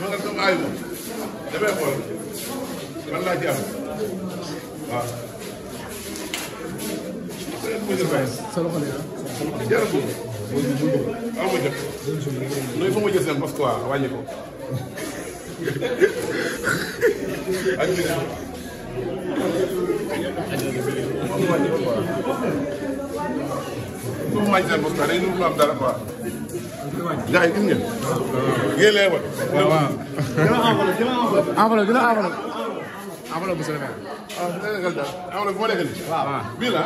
man nag sama aay moom damay xool man laa ci am waaw. sa loxo la jarul ko. waaw ma jot. nooy fa ma jël seen parce que waaw wàññi ko. ak ndax gis ngeen. ngeen lay wan. waaw waaw. gën a enveloppe gën a enveloppe. enveloppe gën a enveloppe. enveloppe monsieur le maire. ah dina la gàllankoor enveloppe moo nekk nii. waaw bii la.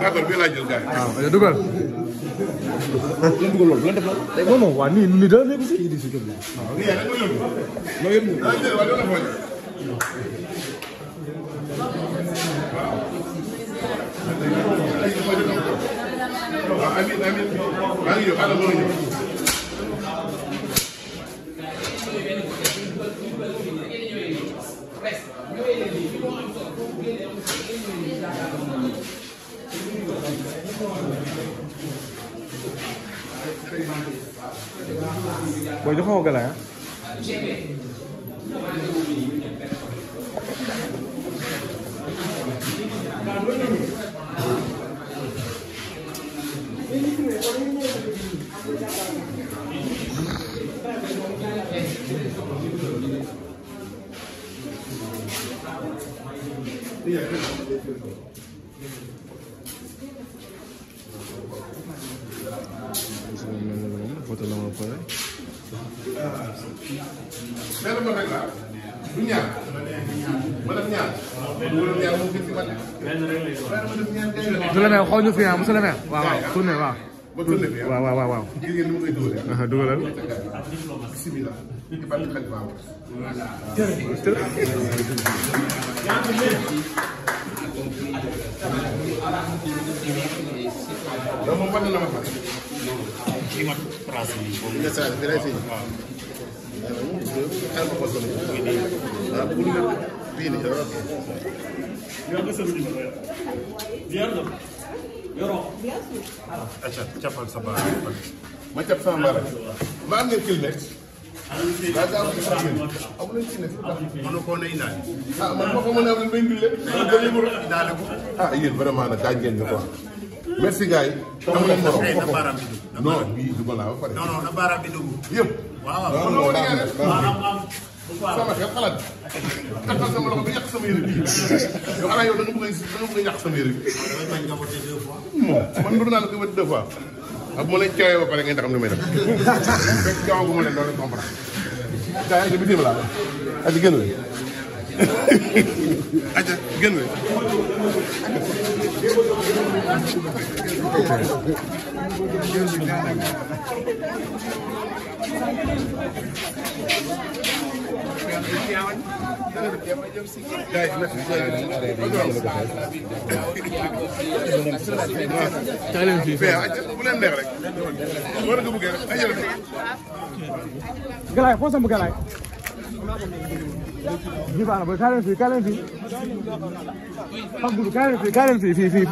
d'accord bii laa jël gars yi. waaw dugal. lan dugal loolu lan def la. non non waa nii nii dara nekk si. kii di si kër gi. waaw nii yaa ngi koy yóbbu. loolu yëpp la. waaw waaw dina la foog. waaw. amiin amiin maa ngi ñëw xaaral ma ñëw. booy joxoo gala foto la ma pare. benn mën rek laa du ñaar. ma def ñaar. wala ñaar moom gis nga ma def. benn rek lay doon. monsieur le maire xool ñu fi ah monsieur le maire. waaw waaw tourné waaw. ba toll nii waaw waaw waaw. gis ngeen ni ma koy dóoree. dugalal. bisimilah. donc moom fan la ma fay. kii ma trace bi. waaw. waaw. yoroo bien sûr. alors acca cappal sa baaraam ma cap sama baaraam ma am ngeen kilomètre. daa daa amul ci nekk mënu ko nay daal. ah man ma ko mën a am mbéyum dundee. daal ko ah yéen vraiment nag daañu ngeen ñu quoi. merci gars yi. am na moroom foofu non bii du ma laa ba pare. non non na baaraam bi dugg. yëpp. waaw waaw sama xel xalaat bi takkal sama yow xanaa yow nga bëgg da nga bëgg a yàq sama yére bi man ndur ba pare ngeen xam ne may ma leen doon rek comprendre gaa yi aja gën galaay foo sama galaay ji baax na booy kaay leen fii kaay leen fii Pape Doudou kaay leen fii kaay leen fii fii fii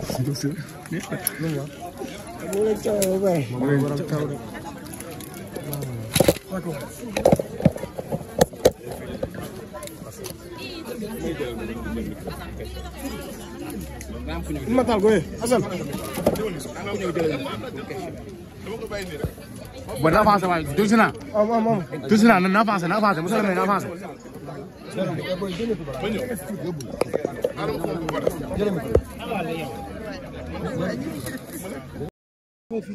Thank you. mu la caw ba pare. moom mooy waral caw de. Matal Goye Assane. bon na avancé waaye tuuti naa. waaw waaw waaw. tuuti naa na avancé na avancé mosala may na avancé. jërëjëf. madam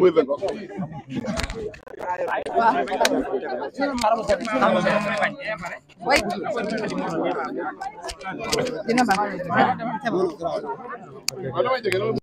bëse ko way dina baax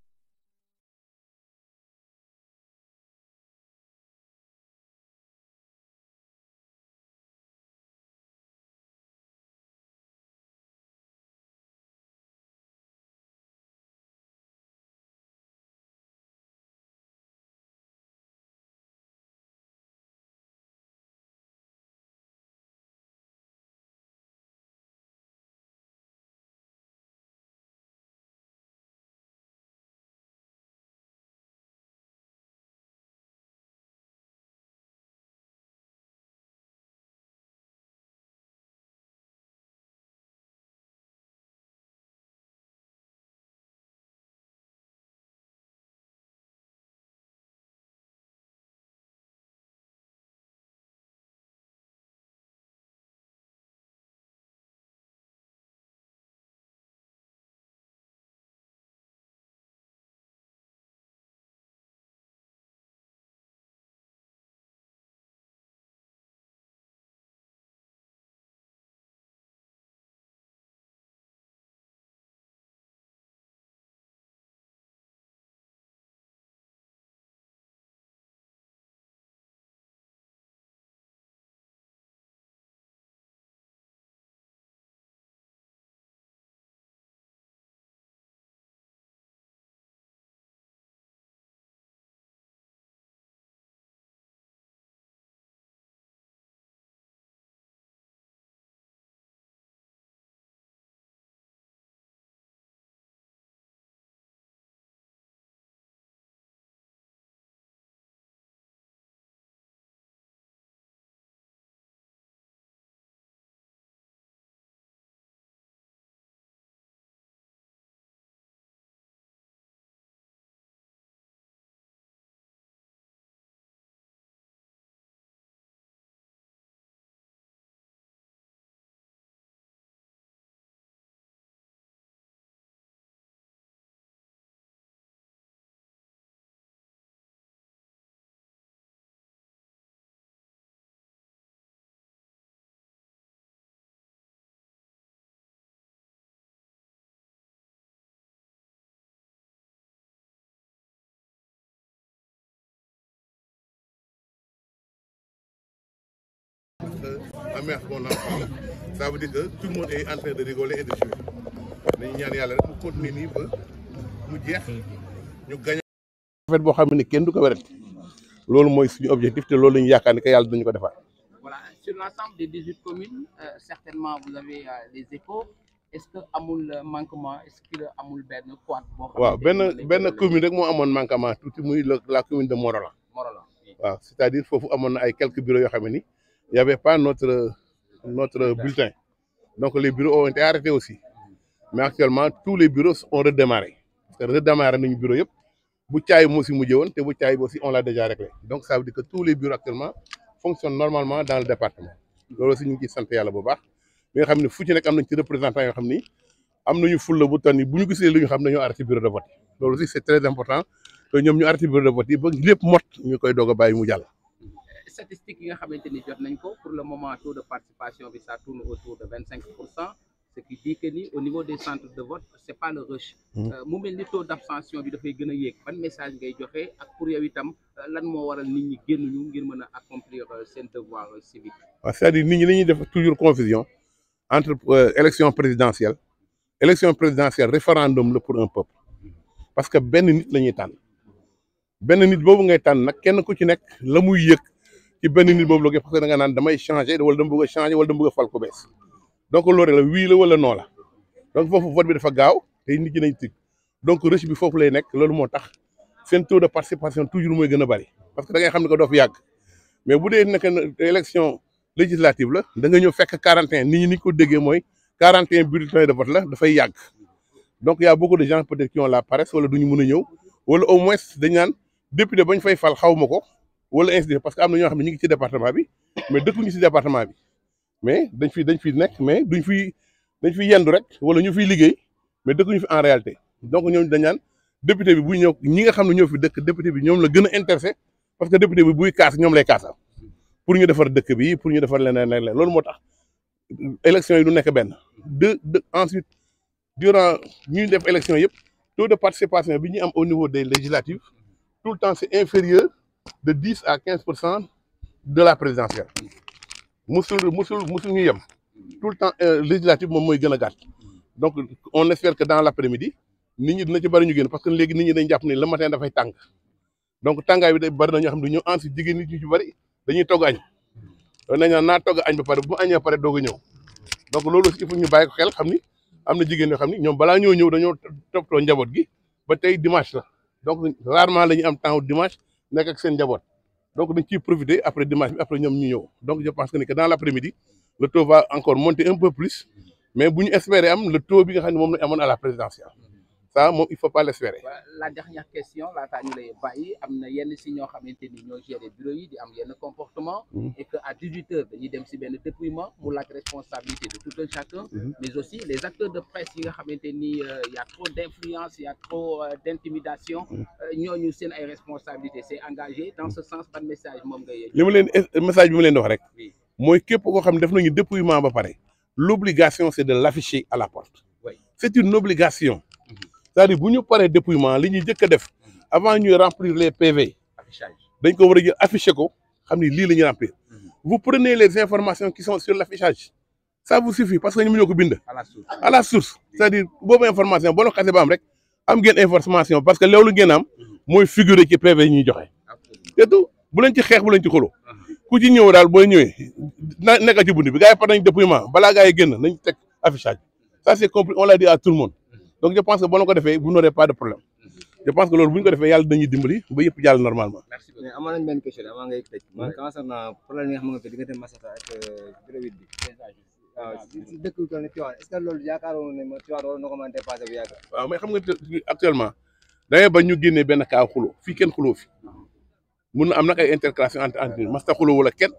mer qu'on en parle ça veut dire que tout le monde yàlla rek mu continuer nii ba fet boo xam ni kenn du ko wéret loolu mooy suñu objectif te loolu la ñu yaakaar ne que yàlla dañu ko defar voilà sur l'ensemble des dix euh, ce euh, que amul euh, manquement est amul benn quad boo xam waaw benn benn commune rek moo amoon manquement tuuti muy la commune de Morolan Morolan waaw c'est-à-dire foofu amoon na ay quelques bureaux yoo xam ne ni il n'y avait pas notre, notre bulletin. Donc les bureaux ont été arrêtés aussi. Mais actuellement, tous les bureaux ont redémarré. Parce que redémarré les bureaux, Boutiaï aussi Moudjeon, et Boutiaï aussi, on l'a déjà réglé. Donc ça veut dire que tous les bureaux actuellement fonctionnent normalement dans le département. loolu aussi ñu ngi ciy sant bu baax bi nga xam ne fu nekk am nañ représentant yoo xam ni am nañu fulla bu tànn bu ñu gisee lu ñu xam dañoo arrêté bureau de vote ñu arrêté bureau de vote yi mu jàll. statistiques yi nga xamante ni jot nañ ko pour le moment taux de participation bi ça tourne autour de vingt cinq pour cent ce qui dit ni au niveau des centres de vote c'est pas le rush mm. euh, mu mel ni taux bi dafay gën a yéeg ban message ngay joxe ak pour yow itam euh, lan moo waral nit ñi génnuñu ngir mën a accomplir euh, sen devoir civique waaw c'est-à-dire nit ñi dañuy def toujours confusion entre élection présidentielle élection présidentielle référendum la pour un peuple parce que benn nit la ñuy tànn benn nit boobu ngay tànn nag kenn ku ci nekk la muy yëg ci benn nit boobu la damay changé wala dama bëgg a changé wala dama bëgg a fal ko donc loolu rek la wala noo la donc foofu vote bi dafa gaaw te nit ñi nañ tig donc reche bi foofu lay nekk loolu moo tax seen taux de participation toujours mooy gën a bari parce que da ngay xam ne ko doo fi yàgg mais bu dee nekk élection législative la da nga ñëw fekk 41 nit ñi ni ko déggee mooy 41 bulletins de vote la dafay yàgg donc y a beaucoup de gens peut-être qui la paresse wala du ñu mën ñëw wala au moins dañ naan député bañ fay fal xaw ma ko wala institut parce que am na ñoo xam ne ñu ngi ci mais dañ fi dañ fi nekk mais duñ fi dañ fi yendu rek wala ñu fiy liggéey mais dëkkuñu fi en réalité donc ñoom dañ naan député bi bu ñëw ñi nga xam ne ñoo fi dëkk député bi ñoom la gën a intéressé parce que député bi buy kaas ñoom lay kaasal pour ñu defar dëkk bi pour ñu defar leneen leneen loolu moo tax élection yi du nekk benn de de ensuite durant ñuy def élection yëpp tu de participation bi ñu am au niveau des législatives tout le temps c'est inférieur de dix à quinze pour cent de la présidentielle musul musul musul ñu yem tout le temps euh, législative moom mooy gën a gàtt donc on espère que dans l'après-midi nit ñi dina ci bari ñu génn parce que léegi nit ñi dañ jàpp ni le matin dafay tàng donc tàngaay bi day bari na ñoo xam ne ñu ansi jigéen nit ñu ci bari dañuy togg añ na naan naa togg añ ba pare bu añee pare doog ñëw donc loolu aussi il ñu bàyyi ko xel xam ni am na jigéen yoo xam ni ñoom balaa ñoo ñëw dañoo toppatoo njaboot gi ba tey dimanche la donc rarement la ñuy am temps dimanche nekk ak seen njaboot donc dañ ciy profiter après dimanche bi après donc je pense que ni que dans l' le taux va encore monter un peu plus mais bu ñu am le taux bi nga xam ça moom il faut pas l'espérer. la dernière question laataa ñu lay bàyyi am na yenn si ñoo xamante ni ñoo gérer bureau yi di am yenn comportement. Mm. et que à 18 heures dañuy dem si benn dépouillement mu laaj responsabilité de tout un chacun. Mm-hmm. mais aussi les acteurs de presse yi nga xamante ni euh, y a trop d'influence y a trop euh, d'intimidation. Mm. Euh, ñooñu seen ay responsabilités c'est engagé dans ce sens ban message moom ngay. li mu leen message bi mu leen di rek. mooy képp koo xam ne def nañu dépouillement ba pare. l'obligation c'est de l'afficher à la porte. c'est une c'est-à-dire bu ñu paree dépouillement li ñuy njëkk a def avant ñuy remplir les PV dañ ko war a jël affiché ko xam ni lii la ñuy remplir mhm. vous prenez les informations qui sont sur l'affichage ça vous suffit parce que ñu ñoo ko bind la source c'est-à-dire boobu information boo la xasee ba rek am ngeen information parce que loolu ngeen am mhm. mooy figurer ci PV joxe te tout bu leen ci xeex bu leen ci xuloo mhm. ku ci ñëw daal booy ñëwee na nekk ci bunt bi gars par nañ dépouillement balaa gars yi génn nañ teg affichage ça c'est donc je pense que boo leen ko defee vous n'aurez pas ko defee yàlla dinañu dimbali ba yëpp jàll normalement. merci beaucoup mais amoon nañu benn problème ne diggante Massata ak bureau bi. waaw si dëkk bi toll a dépassé xam nga actuellement da ngay bañ ñu génnee benn kaaw xuloo fii kenn xuloo fi mun na am nag ay interclasse entre entre Masta xuloo wala kenn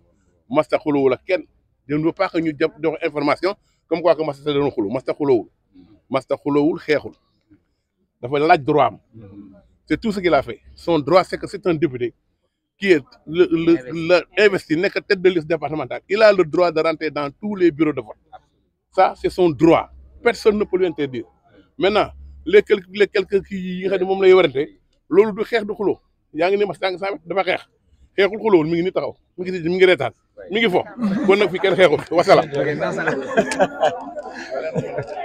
Masta xuloo wala kenn je ne veux pas que ñu jàpp jox information comme quoi que Masta wul Masta xuloowul xeexul dafa laaj droit am c'est tout ce qu'il a fait son droit c'est que c'est un député qui est le le investi nekk tête de liste départementale il a le droit de dans tous les bureaux de vote ça c'est son droit personne ne peut lui interdire maintenant les quelques les quelques kii yi nga xam ne moom loolu du xeex du xulo yaa ngi ne Masta nga samet dafa xeex xeexul xuloowul mi ngi ni taxaw mi ngi si mi ngi reetaan ngi fo kon fi kenn xeexul wasalaam